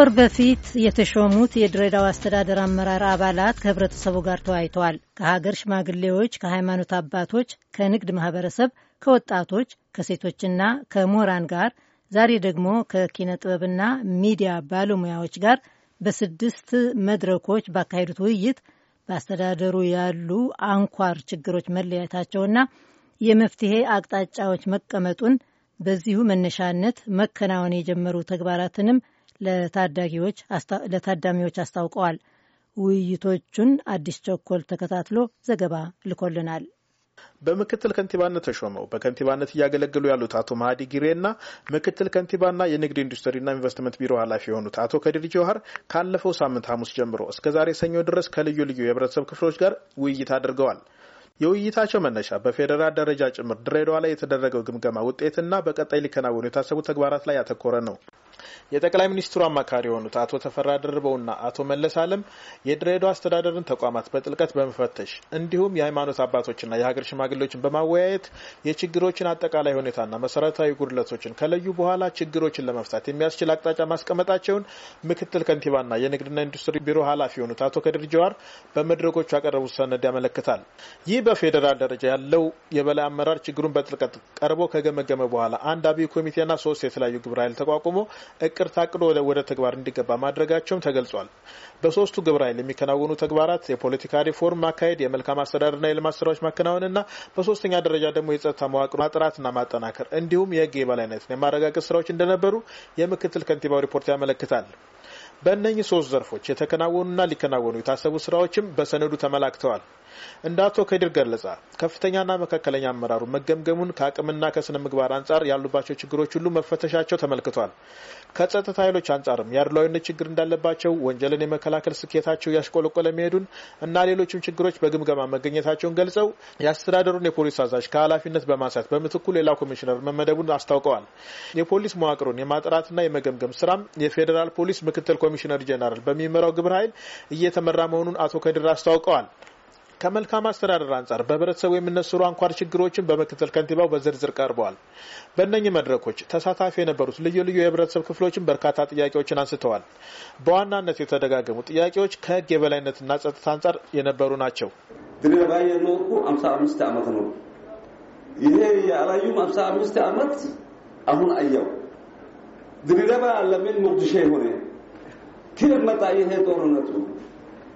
ከወር በፊት የተሾሙት የድሬዳው አስተዳደር አመራር አባላት ከህብረተሰቡ ጋር ተወያይተዋል። ከሀገር ሽማግሌዎች፣ ከሃይማኖት አባቶች፣ ከንግድ ማህበረሰብ፣ ከወጣቶች፣ ከሴቶችና ከምሁራን ጋር ዛሬ ደግሞ ከኪነ ጥበብና ሚዲያ ባለሙያዎች ጋር በስድስት መድረኮች ባካሄዱት ውይይት በአስተዳደሩ ያሉ አንኳር ችግሮች መለያየታቸውና የመፍትሄ አቅጣጫዎች መቀመጡን በዚሁ መነሻነት መከናወን የጀመሩ ተግባራትንም ለታዳሚዎች አስታውቀዋል። ውይይቶቹን አዲስ ቸኮል ተከታትሎ ዘገባ ልኮልናል። በምክትል ከንቲባነት ተሾመው በከንቲባነት እያገለገሉ ያሉት አቶ ማህዲ እና ምክትል ከንቲባና የንግድ ኢንዱስትሪና ኢንቨስትመንት ቢሮ ኃላፊ የሆኑት አቶ ከድር ጀውሀር ካለፈው ሳምንት ሐሙስ ጀምሮ እስከ ዛሬ ሰኞ ድረስ ከልዩ ልዩ የህብረተሰብ ክፍሎች ጋር ውይይት አድርገዋል። የውይይታቸው መነሻ በፌዴራል ደረጃ ጭምር ድሬዳዋ ላይ የተደረገው ግምገማ ውጤትና በቀጣይ ሊከናወኑ የታሰቡ ተግባራት ላይ ያተኮረ ነው። የጠቅላይ ሚኒስትሩ አማካሪ የሆኑት አቶ ተፈራ ደርበውና አቶ መለስ አለም የድሬዳዋ አስተዳደርን ተቋማት በጥልቀት በመፈተሽ እንዲሁም የሃይማኖት አባቶችና የሀገር ሽማግሌዎችን በማወያየት የችግሮችን አጠቃላይ ሁኔታና መሰረታዊ ጉድለቶችን ከለዩ በኋላ ችግሮችን ለመፍታት የሚያስችል አቅጣጫ ማስቀመጣቸውን ምክትል ከንቲባና የንግድና ኢንዱስትሪ ቢሮ ኃላፊ የሆኑት አቶ ከድር ጀዋር በመድረኮቹ ያቀረቡት ሰነድ ያመለክታል። ይህ በፌዴራል ደረጃ ያለው የበላይ አመራር ችግሩን በጥልቀት ቀርቦ ከገመገመ በኋላ አንድ አብይ ኮሚቴና ሶስት የተለያዩ ግብረ ኃይል ተቋቁሞ እቅድ ታቅዶ ወደ ተግባር እንዲገባ ማድረጋቸውም ተገልጿል። በሶስቱ ግብረ ኃይል የሚከናወኑ ተግባራት የፖለቲካ ሪፎርም ማካሄድ፣ የመልካም አስተዳደርና የልማት ስራዎች ማከናወንና በሶስተኛ ደረጃ ደግሞ የጸጥታ መዋቅር ማጥራትና ማጠናከር እንዲሁም የህግ የበላይነትን የማረጋገጥ ስራዎች እንደነበሩ የምክትል ከንቲባው ሪፖርት ያመለክታል። በእነኚህ ሶስት ዘርፎች የተከናወኑና ሊከናወኑ የታሰቡ ስራዎችም በሰነዱ ተመላክተዋል። እንደ አቶ ከድር ገለጻ ከፍተኛና መካከለኛ አመራሩ መገምገሙን ከአቅምና ከስነ ምግባር አንጻር ያሉባቸው ችግሮች ሁሉ መፈተሻቸው ተመልክቷል። ከጸጥታ ኃይሎች አንጻርም የአድሏዊነት ችግር እንዳለባቸው፣ ወንጀልን የመከላከል ስኬታቸው እያሽቆለቆለ መሄዱን እና ሌሎችም ችግሮች በግምገማ መገኘታቸውን ገልጸው የአስተዳደሩን የፖሊስ አዛዥ ከኃላፊነት በማንሳት በምትኩ ሌላ ኮሚሽነር መመደቡን አስታውቀዋል። የፖሊስ መዋቅሩን የማጥራትና የመገምገም ስራም የፌዴራል ፖሊስ ምክትል ኮሚሽነር ጀነራል በሚመራው ግብረ ኃይል እየተመራ መሆኑን አቶ ከድር አስታውቀዋል። ከመልካም አስተዳደር አንጻር በህብረተሰቡ የሚነስሩ አንኳር ችግሮችን በምክትል ከንቲባው በዝርዝር ቀርበዋል። በእነኚህ መድረኮች ተሳታፊ የነበሩት ልዩ ልዩ የህብረተሰብ ክፍሎችን በርካታ ጥያቄዎችን አንስተዋል። በዋናነት የተደጋገሙ ጥያቄዎች ከህግ የበላይነትና ጸጥታ አንጻር የነበሩ ናቸው። ድሬዳዋ የኖርኩ አምሳ አምስት ዓመት ነው። ይሄ የአላዩም አምሳ አምስት ዓመት አሁን አየው። ድሬዳዋ ለምን ሞቅዲሾ የሆነ ክር መጣ ይሄ ጦርነቱ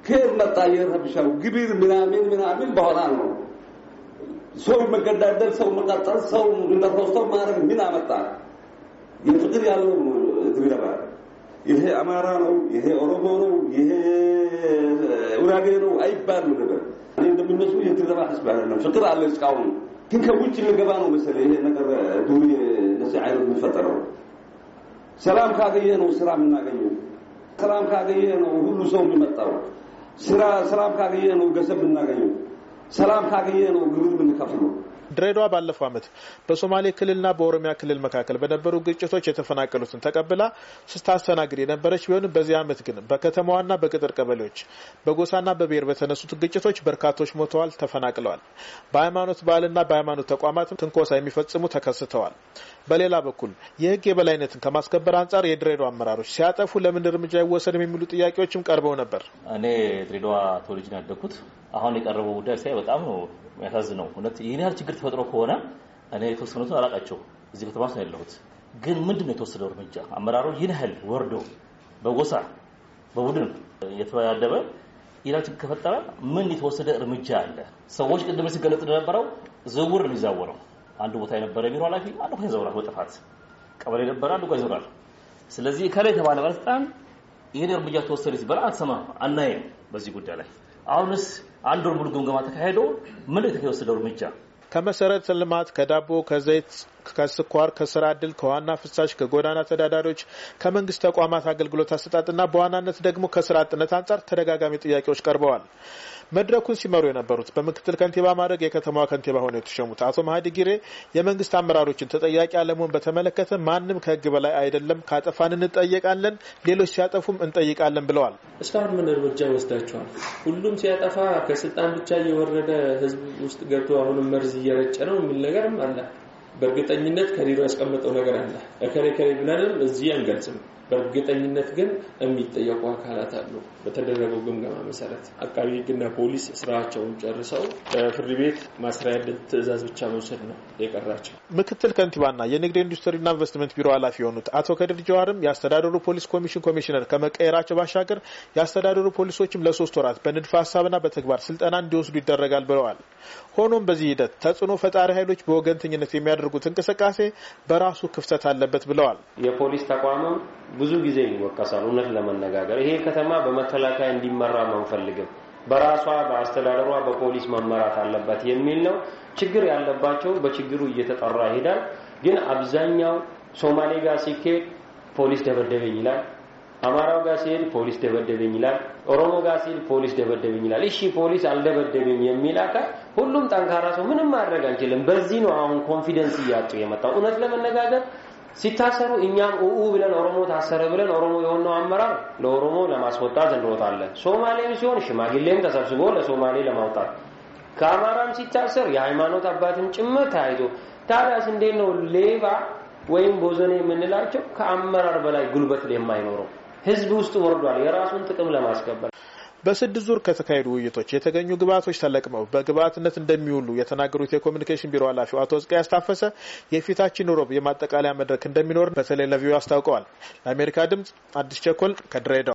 ከየት መጣ የረብሻው ግብር ምናምን ምናምን በኋላ ነው ሰው መገዳደል፣ ሰው መቃጠል፣ ሰው እንደሮስተው ማድረግ ምን አመጣ? የፍቅር ያለው ትግረባ ይሄ አማራ ነው፣ ይሄ ኦሮሞ ነው፣ ይሄ ውራጌ ነው አይባሉ ነበር። እኔ እንደምነሱ የትግረባ ህዝብ አይደለም፣ ፍቅር አለ እስካሁን። ግን ከውጭ ልንገባ ነው መሰለኝ ይሄ ነገር ዱሪ ነዚህ አይነት የሚፈጠረው ሰላም ካገኘ ነው ስራ የምናገኘው። ሰላም ካገኘ ነው ሁሉ ሰው የሚመጣው። ስራ ሰላም ካገኘ ነው ገንዘብ ብናገኘው፣ ሰላም ካገኘ ነው ግብር ብንከፍለው። ድሬዳዋ ባለፈው ዓመት በሶማሌ ክልልና በኦሮሚያ ክልል መካከል በነበሩ ግጭቶች የተፈናቀሉትን ተቀብላ ስታስተናግድ የነበረች ቢሆንም በዚህ ዓመት ግን በከተማዋና በቅጥር ቀበሌዎች በጎሳና በብሔር በተነሱት ግጭቶች በርካቶች ሞተዋል፣ ተፈናቅለዋል። በሃይማኖት በዓልና በሃይማኖት ተቋማትም ትንኮሳ የሚፈጽሙ ተከስተዋል። በሌላ በኩል የህግ የበላይነትን ከማስከበር አንጻር የድሬዳዋ አመራሮች ሲያጠፉ ለምን እርምጃ አይወሰድም የሚሉ ጥያቄዎችም ቀርበው ነበር። እኔ ድሬዳዋ ተወልጄ ያደግኩት። አሁን የቀረበው ጉዳይ ሳይ በጣም ነው የሚያሳዝነው። እውነት ይህን ያህል ችግር ተፈጥሮ ከሆነ እኔ የተወሰኑትን አላቃቸው እዚህ ከተማ ውስጥ ያለሁት። ግን ምንድን ነው የተወሰደው እርምጃ? አመራሩ ይህን ያህል ወርዶ በጎሳ በቡድን የተደበደበ ሌላ ከፈጠረ ምን የተወሰደ እርምጃ አለ? ሰዎች ቅድም ሲገለጽ እንደነበረው ዝውውር ነው የሚዛወረው። አንዱ ቦታ የነበረ ቢሮ ኃላፊ አንዱ ቦታ ይዘውራል፣ በጥፋት ቀበሌ የነበረ አንዱ ጋር ይዘውራል። ስለዚህ ከላይ የተባለ ባለስልጣን ይህን እርምጃ ተወሰደ ሲባል አትሰማም፣ አናይም። በዚህ ጉዳይ ላይ አሁንስ አንድ ወር ሙሉ ግምገማ ተካሄዶ ምን የተወሰደው እርምጃ ከመሰረተ ልማት ከዳቦ ከዘይት ከስኳር፣ ከስራ እድል፣ ከዋና ፍሳሽ፣ ከጎዳና ተዳዳሪዎች፣ ከመንግስት ተቋማት አገልግሎት አሰጣጥና በዋናነት ደግሞ ከስራ አጥነት አንጻር ተደጋጋሚ ጥያቄዎች ቀርበዋል። መድረኩን ሲመሩ የነበሩት በምክትል ከንቲባ ማድረግ የከተማዋ ከንቲባ ሆነው የተሸሙት አቶ መሀዲ ጊሬ የመንግስት አመራሮችን ተጠያቂ አለመሆን በተመለከተ ማንም ከህግ በላይ አይደለም፣ ካጠፋን እንጠየቃለን፣ ሌሎች ሲያጠፉም እንጠይቃለን ብለዋል። እስካሁን ምን እርምጃ ይወስዳቸዋል? ሁሉም ሲያጠፋ ከስልጣን ብቻ እየወረደ ህዝብ ውስጥ ገብቶ አሁንም መርዝ እየረጨ ነው የሚል ነገርም አለ። በእርግጠኝነት ከዲሮ ያስቀመጠው ነገር አለ። እከሌ ከሌ ብለንም እዚህ አንገልጽም። በእርግጠኝነት ግን የሚጠየቁ አካላት አሉ። በተደረገው ግምገማ መሰረት አቃቢ ሕግና ፖሊስ ስራቸውን ጨርሰው በፍርድ ቤት ማስሪያ ዕድል ብቻ መውሰድ ነው የቀራቸው። ምክትል ከንቲባና የንግድ ኢንዱስትሪና ኢንቨስትመንት ቢሮ ኃላፊ የሆኑት አቶ ከድር ጀዋርም የአስተዳደሩ ፖሊስ ኮሚሽን ኮሚሽነር ከመቀየራቸው ባሻገር የአስተዳደሩ ፖሊሶችም ለሶስት ወራት በንድፈ ሀሳብና በተግባር ስልጠና እንዲወስዱ ይደረጋል ብለዋል። ሆኖም በዚህ ሂደት ተጽዕኖ ፈጣሪ ኃይሎች በወገንተኝነት የሚያደርጉት እንቅስቃሴ በራሱ ክፍተት አለበት ብለዋል። የፖሊስ ተቋሙ ብዙ ጊዜ ይወቀሳል። እውነት ለመነጋገር ይሄ ከተማ በመከላከያ እንዲመራ አንፈልግም፣ በራሷ በአስተዳደሯ በፖሊስ መመራት አለበት የሚል ነው። ችግር ያለባቸው በችግሩ እየተጠራ ይሄዳል። ግን አብዛኛው ሶማሌ ጋር ሲኬድ ፖሊስ ደበደበኝ ይላል። አማራው ጋር ሲሄድ ፖሊስ ደበደበኝ ይላል። ኦሮሞ ጋር ሲሄድ ፖሊስ ደበደበኝ ይላል። እሺ ፖሊስ አልደበደበኝ የሚል አካል ሁሉም ጠንካራ ሰው ምንም ማድረግ አንችልም። በዚህ ነው አሁን ኮንፊደንስ እያጡ የመጣው እውነት ለመነጋገር ሲታሰሩ እኛም ኡኡ ብለን ኦሮሞ ታሰረ ብለን ኦሮሞ የሆነው አመራር ለኦሮሞ ለማስወጣት እንሮጣለን። ሶማሌም ሲሆን ሽማግሌም ተሰብስቦ ለሶማሌ ለማውጣት ከአማራም ሲታሰር የሃይማኖት አባትም ጭምር ተያይዞ ታዲያስ እንዴት ነው ሌባ ወይም ቦዘኔ የምንላቸው ከአመራር በላይ ጉልበት የማይኖረው ህዝብ ውስጥ ወርዷል የራሱን ጥቅም ለማስከበር በስድስት ዙር ከተካሄዱ ውይይቶች የተገኙ ግብአቶች ተለቅመው በግብአትነት እንደሚውሉ የተናገሩት የኮሚኒኬሽን ቢሮ ኃላፊው አቶ ዝቅያስ ያስታፈሰ የፊታችን ሮብ የማጠቃለያ መድረክ እንደሚኖር በተለይ ለቪዮ አስታውቀዋል። ለአሜሪካ ድምጽ አዲስ ቸኮል ከድሬዳዋ